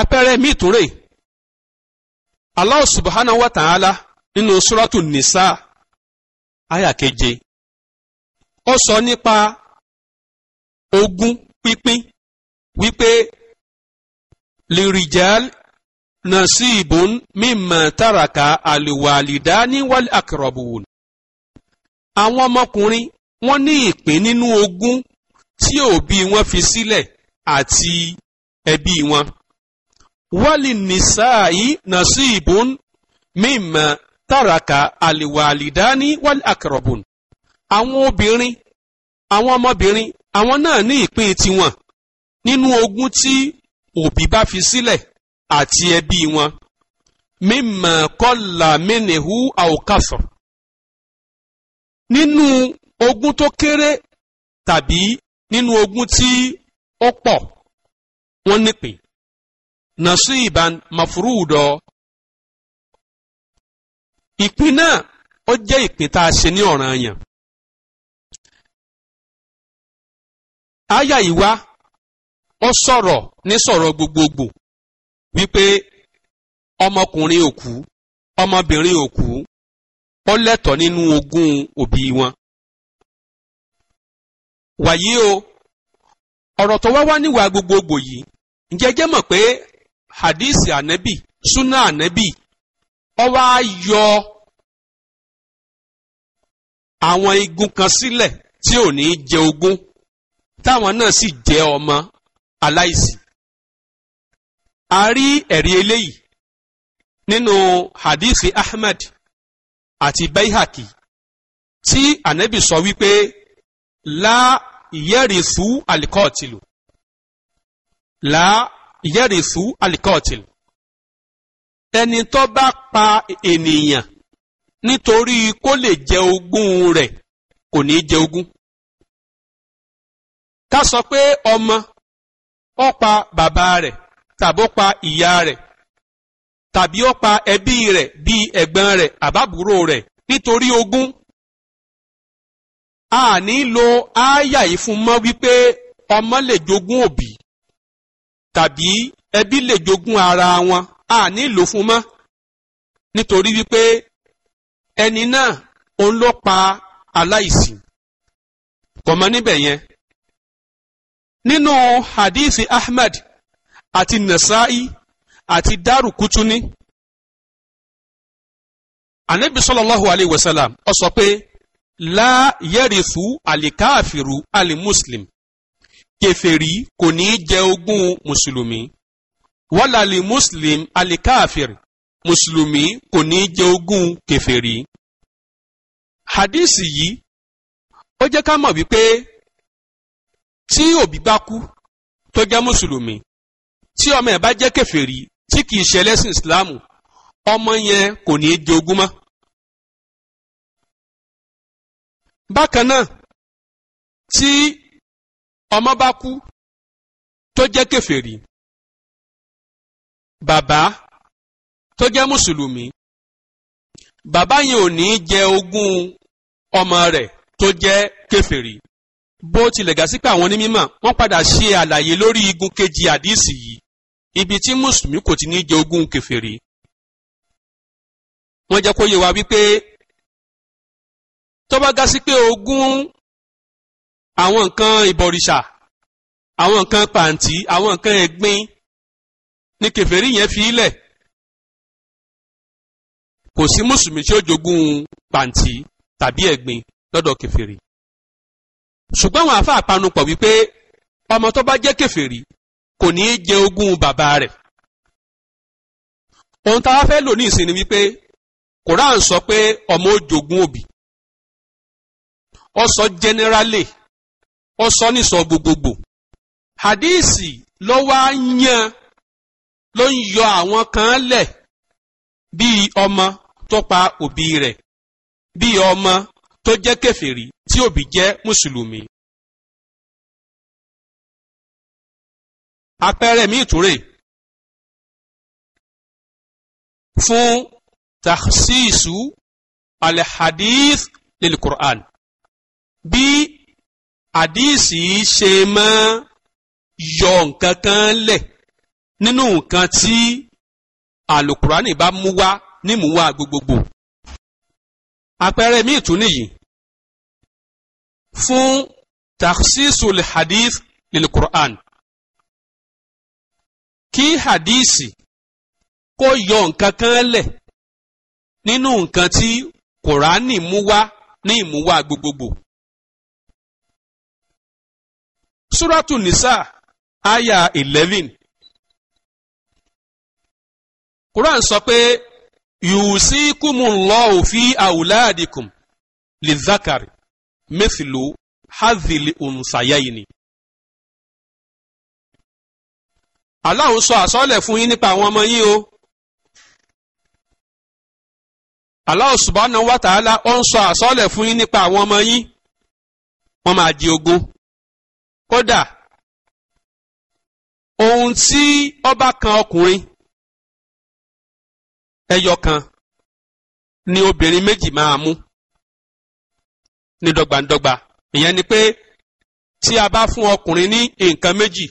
apẹẹrẹ míì ala rè Allah subhanahu wa ta'ala nínú suratu nisa aya keje ó sọ nípa ogun pínpín wípé lirijal nasibun mimma taraka aliwalidani wali akrabun àwọn ọmọkùnrin wọn ní ìpín nínú ogún tí òbí wọn fi sile àti ẹbí wọn wali nisa'i nasibun mimma taraka aliwalidani wal akrabun. àwọn obìnrin àwọn ọmọbìnrin àwọn náà ní ìpín tiwọn nínú ogún tí òbí bá fi sílẹ̀ àti ẹbí wọn mímọ kọlà mẹnìhù àwòkàsọ nínú ogún tó kéré tàbí nínú ogún tí ó pọ̀ wọ́n nípìn nasiban mafuruudọ ìpín náà ó jẹ́ ìpín tá a ṣe ní ọ̀ranyàn. aya ìwá ó sọ̀rọ̀ ní sọ̀rọ̀ gbogbogbò wípé ọmọkùnrin ò kú ọmọbìnrin ò kú ó lẹ́tọ̀ọ́ nínú ogún òbí wọn. wàyí o ọ̀rọ̀ tó wá wá níwà gbogbogbò yìí ǹjẹ́ jẹ́ mọ̀ pé hadisi ànábì súnà ànábì ó wá yọ àwọn igun kan sílẹ̀ tí ò ní jẹ ogún táwọn náà sì jẹ ọmọ aláìsí a rí ẹ̀rí eléyìí nínú hadisi Ahmad àti Baihaki tí ànábì sọ wípé la yẹrìsú alikọ́ọ̀tìlù la yẹ́rìsú alikọ́tìl ẹni tó bá pa ènìyàn nítorí kó lè jẹ ogún rẹ̀ kò ní jẹ ogún ká sọ pé ọmọ ó pa bàbá rẹ̀ tàbí ó pa ìyá rẹ̀ tàbí ó pa ẹbí rẹ̀ bíi ẹ̀gbọ́n rẹ̀ àbábúrò rẹ̀ nítorí ogún a ní lo ááyà yìí fún mọ́ wípé ọmọ lè jogún òbí tàbí ẹbí lè jogún ara wọn a ní ìlò fún mọ́ nítorí wípé ẹni náà òun ló pa aláìsí kò níbẹ̀ yẹn nínú hadithi Ahmad àti Nasa'i àti Darukutuni anabi sallallahu alayhi wa sallam ó sọ pé la yẹrìfù alimuslim kèfèrí kò ní í jẹ ogún mùsùlùmí wàlàlì muslim alikafir mùsùlùmí kò ní í jẹ ogún kèfèrí. hadísì yìí ó jẹ́ ká mọ̀ wípé tí òbí bá kú tó jẹ́ mùsùlùmí tí ọmọ ẹ̀ bá jẹ́ kèfèrí tí kìí ṣe ẹlẹ́sìn ìsìláàmù ọmọ yẹn kò ní í jẹ ogún mọ́. bákan náà tí ọmọ bá kú tó jẹ́ kèfèrí bàbá tó jẹ́ mùsùlùmí bàbá yẹn ò ní jẹ ogún ọmọ rẹ̀ tó jẹ́ kèfèrí bó tilẹ̀ gà sí pé àwọn onímọ̀ wọ́n padà ṣe àlàyé lórí igun kejì àdíìsì yìí ibi tí mùsùlùmí kò ti ní jẹ ogún kèfèrí wọ́n jẹ́ kó yé wa wípé tó bá gá sí pé ogún àwọn nǹkan ìbọ̀rìṣà àwọn nǹkan pàǹtí àwọn nǹkan ẹ̀gbin ní kèfèrí yẹn fi ilẹ̀ kò sí mùsùlùmí tí ó jogún pàǹtí tàbí ẹ̀gbin lọ́dọ̀ kèfèrí ṣùgbọ́n àwọn àáfàá panupọ̀ wípé ọmọ tó bá jẹ́ kèfèrí kò ní í jẹ ogún bàbá rẹ̀ ohun tá a fẹ́ lò ní ìsinmi wípé Koran sọ pé ọmọ ó jogún òbí ó sọ generally ó sọ nísọ gbogbogbò hadísì ló wá yan ló ń yọ àwọn kan lẹ̀ bíi ọmọ tó pa òbí rẹ̀ bíi ọmọ tó jẹ́ kèfèrí tí òbí jẹ́ mùsùlùmí. àpẹẹrẹ mi ìtúrè fún takhsisu alhadith lil Qur'an bí àdíìsì ṣe máa yọ nǹkan kan lẹ̀ nínú nǹkan tí àlùkùránì bá mú wá nímúwá gbogbogbò àpẹẹrẹ míì tún nìyí fún takhsisul hadith lil Qur'an kí hadíìsì kó yọ nǹkan kan lẹ̀ nínú nǹkan tí kùránì mú wá ní ìmúwá gbogbogbò. suratu nisa aya eleven quran sọ pé yusikumullahu fi awladikum lidhakari mithlu hadhil unsayaini. Allah ń sọ àsọ́lẹ̀ fún yín nípa àwọn ọmọ yín o. Allah subhanahu wa ta'ala ó ń sọ àsọ́lẹ̀ fún yín nípa àwọn ọmọ yín. Wọ́n máa di ogún kódà ohun tí ọba kan ọkùnrin ẹyọ kan ni obìnrin méjì máa mú ní dọ́gbandọ́gba ìyẹn ni pé tí a bá fún ọkùnrin ní nǹkan méjì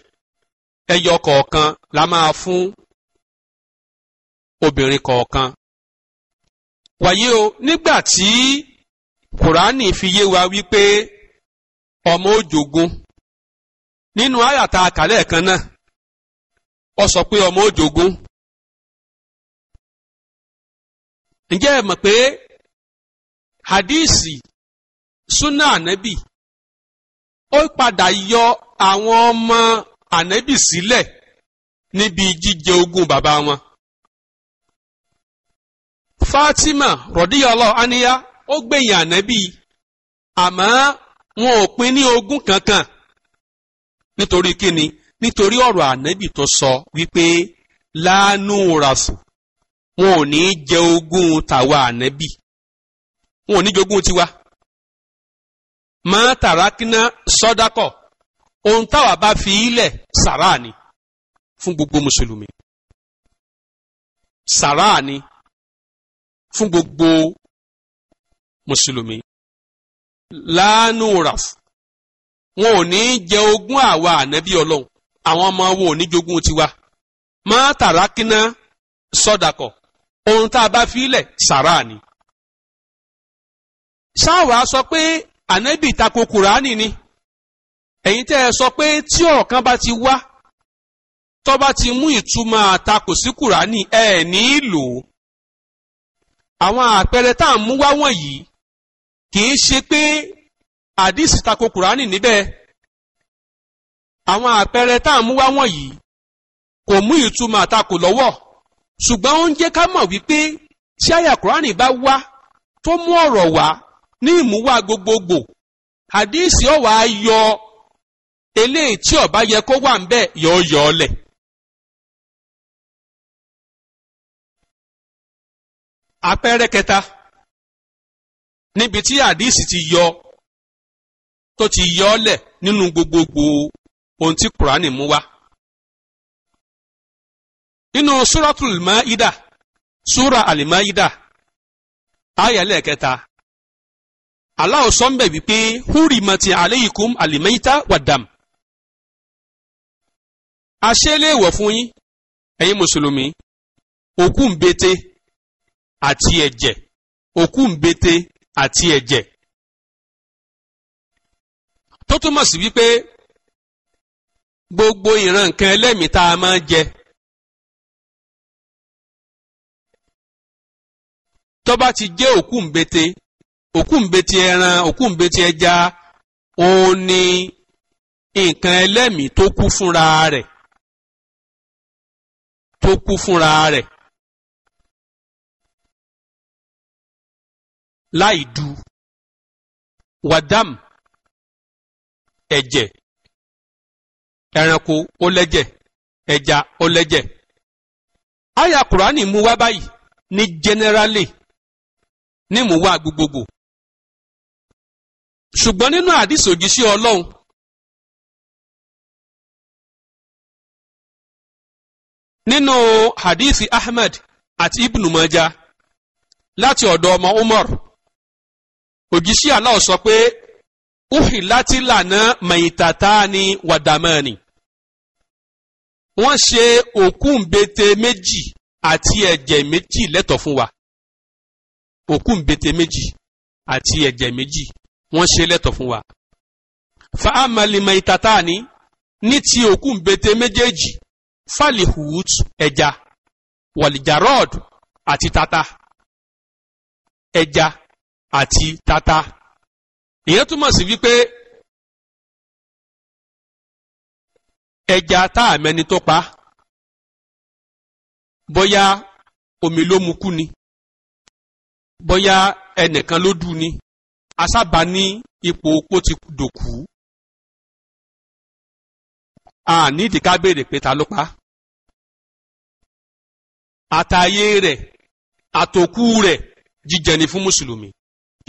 ẹyọ kọ̀ọ̀kan la máa fún obìnrin kọ̀ọ̀kan wàyí o nígbà tí kùránì fi yé wa wípé ọmọ ó nínú àyàtà àkàlẹ̀ kan náà ọ sọ pé ọmọ òjògún ǹjẹ́ ẹ mọ̀ pé hadísì súnà ànábì ó padà yọ àwọn ọmọ ànábì sílẹ̀ níbi jíjẹ ogún bàbá wọn. Fatima rọ̀díyọlọ́ aníyá ó gbẹ̀yìn ànẹ́bì àmọ́ wọn ò pín ní ogún kankan. nítorí kíni nítorí ọ̀rọ̀ ànábì tó sọ wípé láánú ràfù wọn ò ní jẹ ogún tàwa ànábì wọn ò ní jogún tiwa má tàràkínà sọdákọ ohun táwa bá fi ilẹ̀ sàrà fún gbogbo mùsùlùmí sàrà fún gbogbo mùsùlùmí láánú ràfù wọn ò ní jẹ ogún àwa ànábì ọlọ́run àwọn ọmọ wọn ò ní jogún tiwa má tàràkínà sọdàkọ ohun tá a bá filẹ̀ sàrà ni. sáwà sọ pé ànábì tako kùránì ni ẹ̀yin tẹ́ ẹ sọ pé tí ọ̀kan bá ti wá tó bá ti mú ìtumọ̀ àtakò sí kùránì ẹ̀ ní lò àwọn àpẹẹrẹ tá à ń mú wá wọ̀nyí kì í ṣe pé àdìsí tako kùránì níbẹ̀ àwọn àpẹẹrẹ tá à ń mú wá wọ̀nyí kò mú ìtumọ̀ àtakò lọ́wọ́ ṣùgbọ́n ó ń jẹ́ ká mọ̀ wípé tí àyà kùránì bá wá tó mú ọ̀rọ̀ wá ní ìmúwá gbogbogbò àdìsí ó yọ eléyìí tí ó yẹ kó wà ń yọ yọ ọ àpẹẹrẹ kẹta níbi tí àdìsí ti yọ tó ti yọ ọ́ lẹ̀ nínú gbogbogbò ohun tí kùránì mú wá. nínú suratul Maida sura al-Maida ayẹlẹ kẹta Allah sọ ń bẹ̀ wípé hurimati aleikum alimaita wadam aṣẹ́léèwọ̀ fún yín ẹ̀yin mùsùlùmí òkú ń bete àti ẹ̀jẹ̀ òkú ń bete àti ẹ̀jẹ̀ tó túmọ̀ sí wípé gbogbo ìran nǹkan ẹlẹ́mìí tá a máa ń jẹ tó ti jẹ́ òkú ńbete òkú ńbete ẹran òkú ńbete ẹja òun ni nǹkan ẹlẹ́mìí tó kú fúnra rẹ̀ tó kú fúnra rẹ̀ láì du wàdàm ẹ̀jẹ̀ ẹranko ó lẹ́jẹ̀ ẹja ó lẹ́jẹ̀ àyà kùránì mú wá báyìí nínú àdìsí ọlọ́run nínú hadithi ahmed àti ibnu maja láti ọ̀dọ̀ ọmọ umar òjíṣẹ́ Allah sọ pé uhilati lana maitatani wadamani wọ́n ṣe òkú ńbete méjì àti ẹ̀jẹ̀ méjì lẹ́tọ̀ fún wa òkú ńbete méjì àti ẹ̀jẹ̀ méjì wọ́n ṣe lẹ́tọ̀ fún wa fa'amali maitatani ní ti òkú ńbete méjèèjì falihut ẹja walijarod àti tata ẹja àti tata ìyẹn túmọ̀ sí wípé ẹja tá a mẹni tó pa bóyá omi ló mu kú ni bóyá ẹnìkan ló dù ni asábà ní ipò opó ti dòkú a nídìí ká béèrè pé ta ló pa àtàyé rẹ̀ àtòkù rẹ̀ jíjẹ fún mùsùlùmí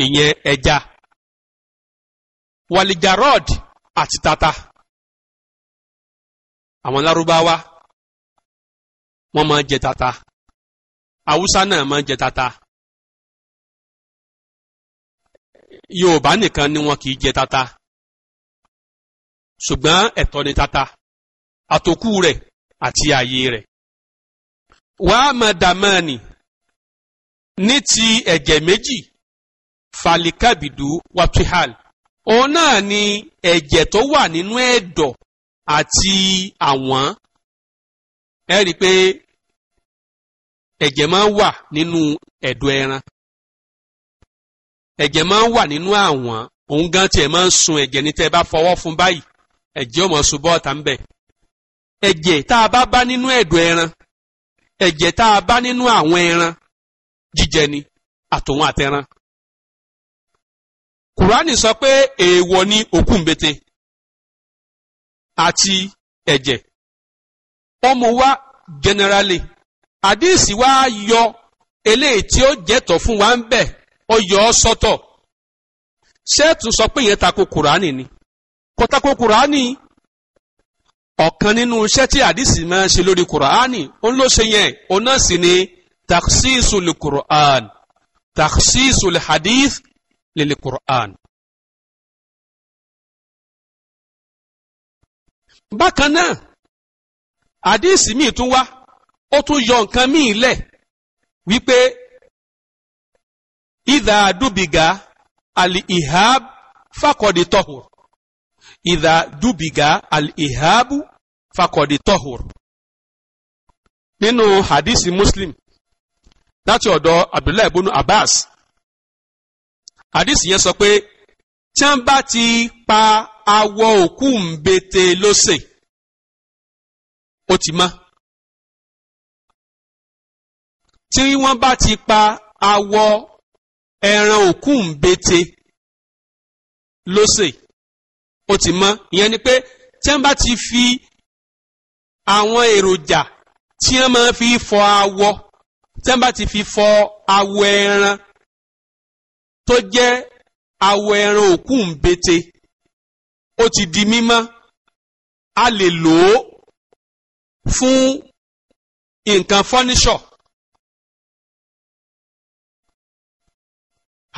ìyẹn ẹja. E wàlìjàrọ́ọ̀d àti tata àwọn lárúbáwá wọ́n máa jẹ tata haúsá náà máa jẹ tata yorùbá nìkan ni wọn kì í jẹ tata ṣùgbọ́n ẹ̀tọ́ ni tata àtòkù rẹ̀ àti ààyè rẹ̀ wàá máa dàmánì ní ti ẹ̀jẹ̀ méjì falikabidu wapihal òun náà ni ẹ̀jẹ̀ tó wà nínú ẹ̀dọ̀ àti àwọn ẹ rí i pé ẹ̀jẹ̀ máa ń wà nínú ẹ̀dọ̀ ẹran ẹ̀jẹ̀ máa ń wà nínú àwọn gan tiẹ̀ máa ń sun ẹ̀jẹ̀ ní tẹ́ bá fọwọ́ fún báyìí ẹ̀jẹ̀ ò mọ̀ sun bọ́ọ̀tà ń bẹ̀ ẹ̀jẹ̀ tá a bá bá nínú ẹ̀dọ̀ ẹran ẹ̀jẹ̀ tá a bá nínú àwọn ẹran jíjẹ ni àtòun àtẹran kùránì sọ pé èèwọ̀ ni òkú mbete àti ẹ̀jẹ̀ wọ́n mú generally àdìsí wa yọ eléyìí tí ó jẹ́tọ̀ fún wa ń bẹ̀ ó yọ ọ́ sọ́tọ̀ ṣẹ́ẹ̀tù sọ pé ìyẹn tako kùránì ni kò tako kùránì ọ̀kan nínú iṣẹ́ tí àdìsí máa ń ṣe lórí kùránì ó ń lọ ṣe yẹn òun náà sì ni taksisul kùránì taksisul hadith lil-Qur'an. bákan náà àdíìsì míì tún wá ó tún yọ nǹkan míì lẹ̀ wípé ìdá dùbìgà al-ihab fakọ̀dì tọ̀hùr ìdá dùbìgà al-ihab fakọ̀dì tọ̀hùr. nínú àdíìsì Muslim láti ọ̀dọ̀ Abdullahi ibn Abbas àdìsí yẹn sọ pé tí wọ́n bá ti pa awọ òkú ńbete lọ́sẹ̀ ó ti mọ́ tí wọ́n bá ti pa awọ ẹran òkú ńbete lọ́sẹ̀ ó ti mọ́ ìyẹn ni pé tí wọ́n bá ti fi àwọn èròjà tí wọ́n máa fi fọ awọ tí wọ́n bá ti fi fọ awọ ẹran tó jẹ́ awọ ẹran òkú ń bete ó ti di mímọ́ a lè lò ó fún nǹkan fọ́níṣọ̀.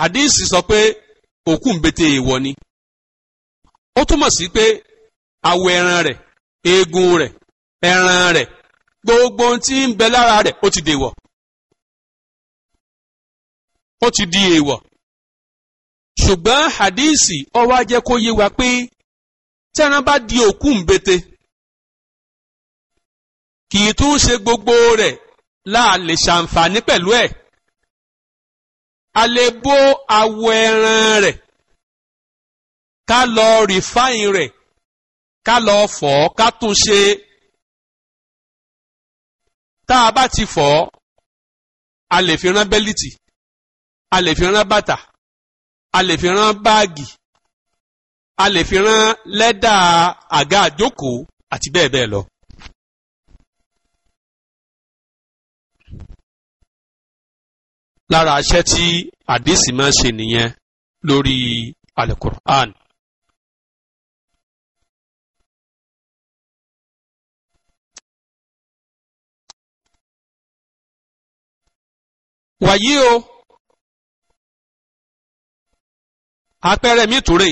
hadisi sọ pé òkú ń bete èèwọ̀ ni ó túmọ̀ sí pé awọ ẹran rẹ̀ eegun rẹ̀ ẹran rẹ̀ gbogbo tí ń bẹ lára rẹ̀ ó ti dèwọ̀ ó ti di èèwọ̀ ṣùgbọ́n hadisi ó wá jẹ́ kó yé wa pé tẹ́ran bá di òkú ńbete kì í tún ṣe gbogbo rẹ̀ láà lè ṣàǹfààní pẹ̀lú ẹ̀ a lè bó awọ ẹran rẹ̀ ká lọ rìfáìn rẹ̀ ká lọ fọ̀ ọ́ ká tún ṣe tá a bá ti fọ̀ ọ́ a lè fi rán bẹ́líìtì a lè fi rán bàtà a lè fi rán báàgì a lè fi rán lẹ́dà àga àjókòó àti bẹ́ẹ̀ bẹ́ẹ̀ lọ. lára aṣẹ́ tí àdìsí máa ń ṣe nìyẹn lórí alukur'an. wàyí o àpẹẹrẹ mi tùrè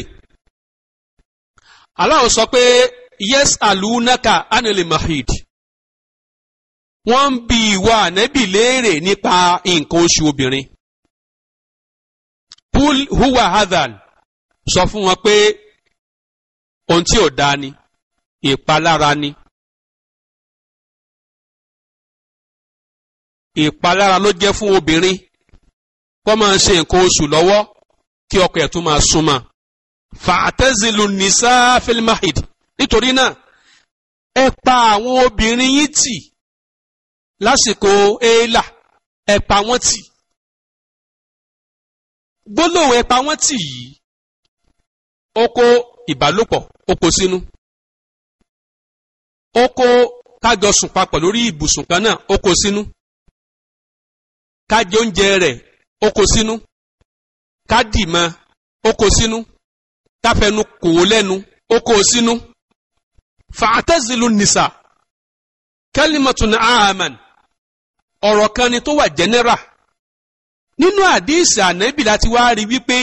Allah sọ pé yes alunaka anil mahid wọ́n ń bi ìwà ànẹ́bì léèrè nípa nǹkan oṣù obìnrin pul huwa hadhan sọ fún wọn pé ohun tí ò dáa ni ìpalára ni ìpalára ló jẹ́ fún obìnrin kó máa ṣe nǹkan oṣù lọ́wọ́ kí ọkọ ẹ̀ tún máa súnmọ́ fàtẹ́sílù nìsá filimahid nítorí náà ẹ pa àwọn obìnrin yín tì lásìkò éèlà ẹ pa wọ́n tì gbólóhùn ẹ pa wọ́n tì yìí ó kó ìbálòpọ̀ ó sínú ó kájọ sùn papọ̀ lórí ibùsùn kan náà ó sínú kájọ oúnjẹ rẹ̀ ó sínú ká dì mọ́ ó kó sínú ká fẹnu kò ó lẹ́nu ó kó sínú. fàtẹ́sílù nìsà kẹ́límọ̀tún ahaman ọ̀rọ̀ kan ni tó wà jẹ́nẹ́rà nínú àdíìsì ànábì láti wá rí wípé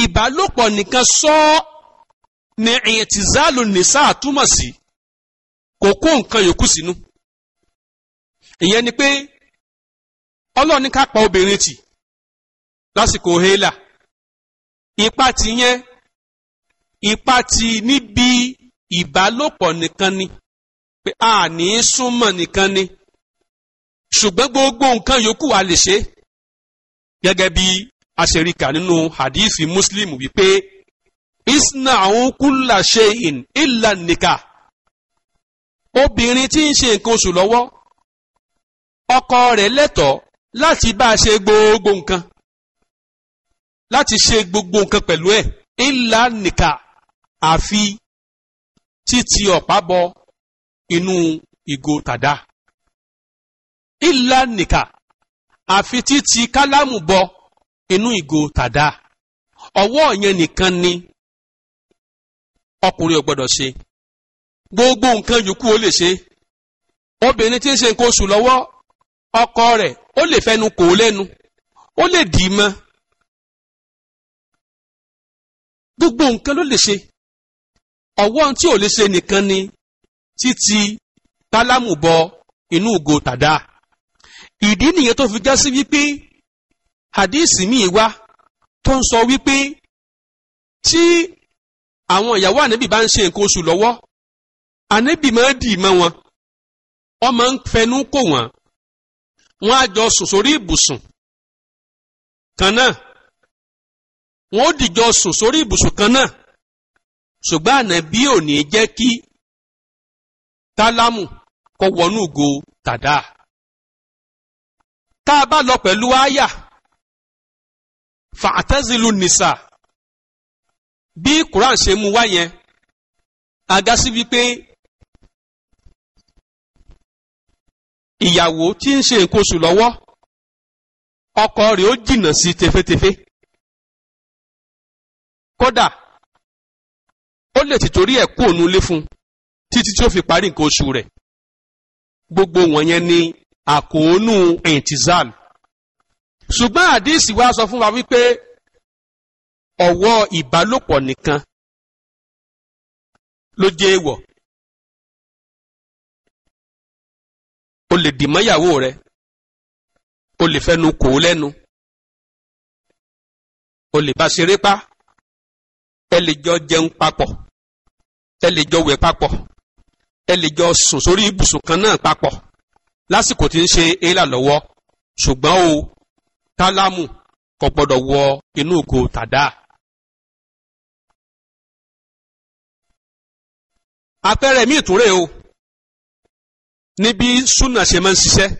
ìbálòpọ̀ nìkan sọ ni ìyẹn tìzálù nìsà túmọ̀ sí kò kó nǹkan yòókù sínú. Si ìyẹn ni pé ọlọ́run ní ká pa obìnrin tì lásìkò hélà ipa ti yẹn ipa ti níbi ìbálòpọ̀ nìkan ni pé a ní súnmọ́ nìkan ni ṣùgbọ́n gbogbo nǹkan yòókù a lè ṣe gẹ́gẹ́ bí a nínú hadithi muslim wípé isna àwọn kulla shay'in illa obìnrin tí ń ṣe nǹkan oṣù lọ́wọ́ ọkọ rẹ̀ lẹ́tọ̀ọ́ láti bá a ṣe gbogbo nǹkan láti ṣe gbogbo nǹkan pẹ̀lú ẹ̀ ńlá nìkà àfi títí ọ̀pá bọ inú ìgò tàdá ńlá nìkà àfi títí kálámù bọ inú ìgò tàdá ọwọ́ yẹn nìkan ni ọkùnrin ò gbọ́dọ̀ ṣe gbogbo nǹkan yòókù ó lè ṣe obìnrin tí ń ṣe nǹkan oṣù lọ́wọ́ ọkọ rẹ̀ ó lè fẹnu kò lẹ́nu ó lè dì í mọ́ gbogbo nǹkan ló lè ṣe ọwọ́ tí ò lè ṣe nìkan ni títí kálámù bọ inú ìgò tàdá ìdí nìyẹn tó fi já sí wípé hadisi míì wá tó ń sọ wípé tí àwọn ìyàwó ànábì bá ń ṣe nǹkan oṣù lọ́wọ́ ànábì máa dì mọ́ wọn wọ́n máa ń fẹnu kò wọ́n wọ́n á jọ sùn sórí ibùsùn kan náà wọ́n ó dìjọ sùn sórí ibùsùn kan náà ṣùgbọ́n ànábì ò ní jẹ́ kí tálámù kó wọnú ìgò tàdá tá a bá lọ pẹ̀lú àyà fàtẹ́sílù nìsà bí Quran ṣe mú wáyẹn yẹn wípé ìyàwó tí ń ṣe èkóṣù lọ́wọ́ ọkọ rẹ̀ ó jìnnà sí tefetefe kódà ó lè ti torí ẹ̀ kú òun lé fún títí tí ó fi parí nǹkan oṣù rẹ̀ gbogbo wọ̀nyẹn ni àkóónú intizal ṣùgbọ́n àdíìsì wa sọ fún wa wípé ọ̀wọ́ ìbálòpọ̀ nìkan ló jẹ́ èèwọ̀ o lè dì mọ́ ìyàwó rẹ o lè fẹnu kò ó lẹ́nu o lè bá ṣeré pa ẹ lè jọ jẹun papọ̀ ẹ lè jọ wẹ̀ papọ̀ ẹ lè jọ sùn sórí ibùsùn kan náà papọ̀ lásìkò tí ń ṣe éèlà lọ́wọ́ ṣùgbọ́n o tálámù kò gbọ́dọ̀ wọ inú ògo tàdá. àpẹẹrẹ mi ìtúrẹ́ o níbi súnà ṣe máa ń ṣiṣẹ́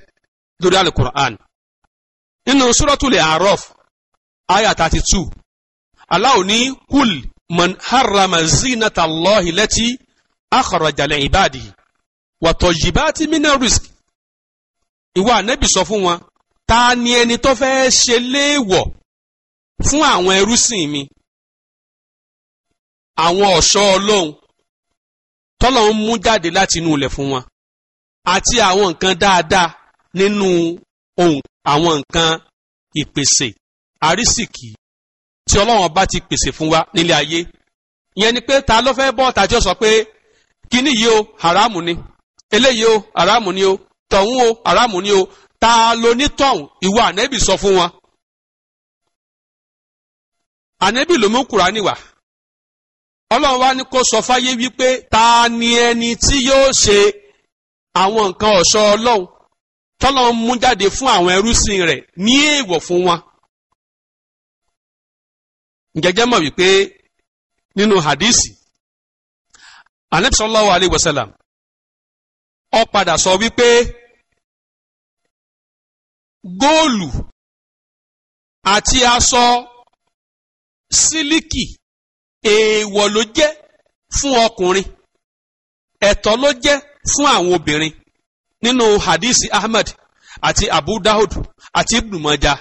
lórí alukur'an nínú suratul A'raf aya thirty two aláwo ní kul man harrama zinata Allahi lati akhraja li ibadihi wa tayyibati mina risk ìwà ànábì sọ fún wọn ta ni ẹni tó fẹ́ ṣe léèwọ̀ fún àwọn ẹrúsìn mi àwọn ọ̀ṣọ́ ọlọ́run tọ́lọ́run mú jáde láti inú ilẹ̀ fún wọn àti àwọn nǹkan dáadáa nínú ohun àwọn nǹkan ìpèsè àrísìkì tí ọlọ́run bá ti pèsè fún wa nílé ayé ìyẹn ni pé ta ló fẹ́ bọ́ tàjọ́ sọ pé kíní yìí o haramu ni eléyìí o haramu ni o tọ̀hún o haramu ni o ta ló ní tọ̀hún ìwà ànẹ́bì sọ fún wọn. ànẹ́bì ló mú Kùránì wá ọlọ́run wá ní kó sọ fáyé wípé ta ni ẹni tí yóò ṣe àwọn nǹkan ọ̀ṣọ́ ọlọ́run tọ́lọ́run mú jáde fún àwọn ẹrúsìn rẹ̀ ní èèwọ̀ fún wọn. ǹjẹ́jẹ́ mọ̀ wípé nínú hadisi anabi sallallahu alayhi wa sallam ó padà sọ wípé góòlù àti aṣọ sílíkì èèwọ̀ ló jẹ́ fún ọkùnrin ẹ̀tọ́ ló jẹ́ fún àwọn obìnrin nínú hadisi Ahmed àti Abu Dawud àti Ibn Maja.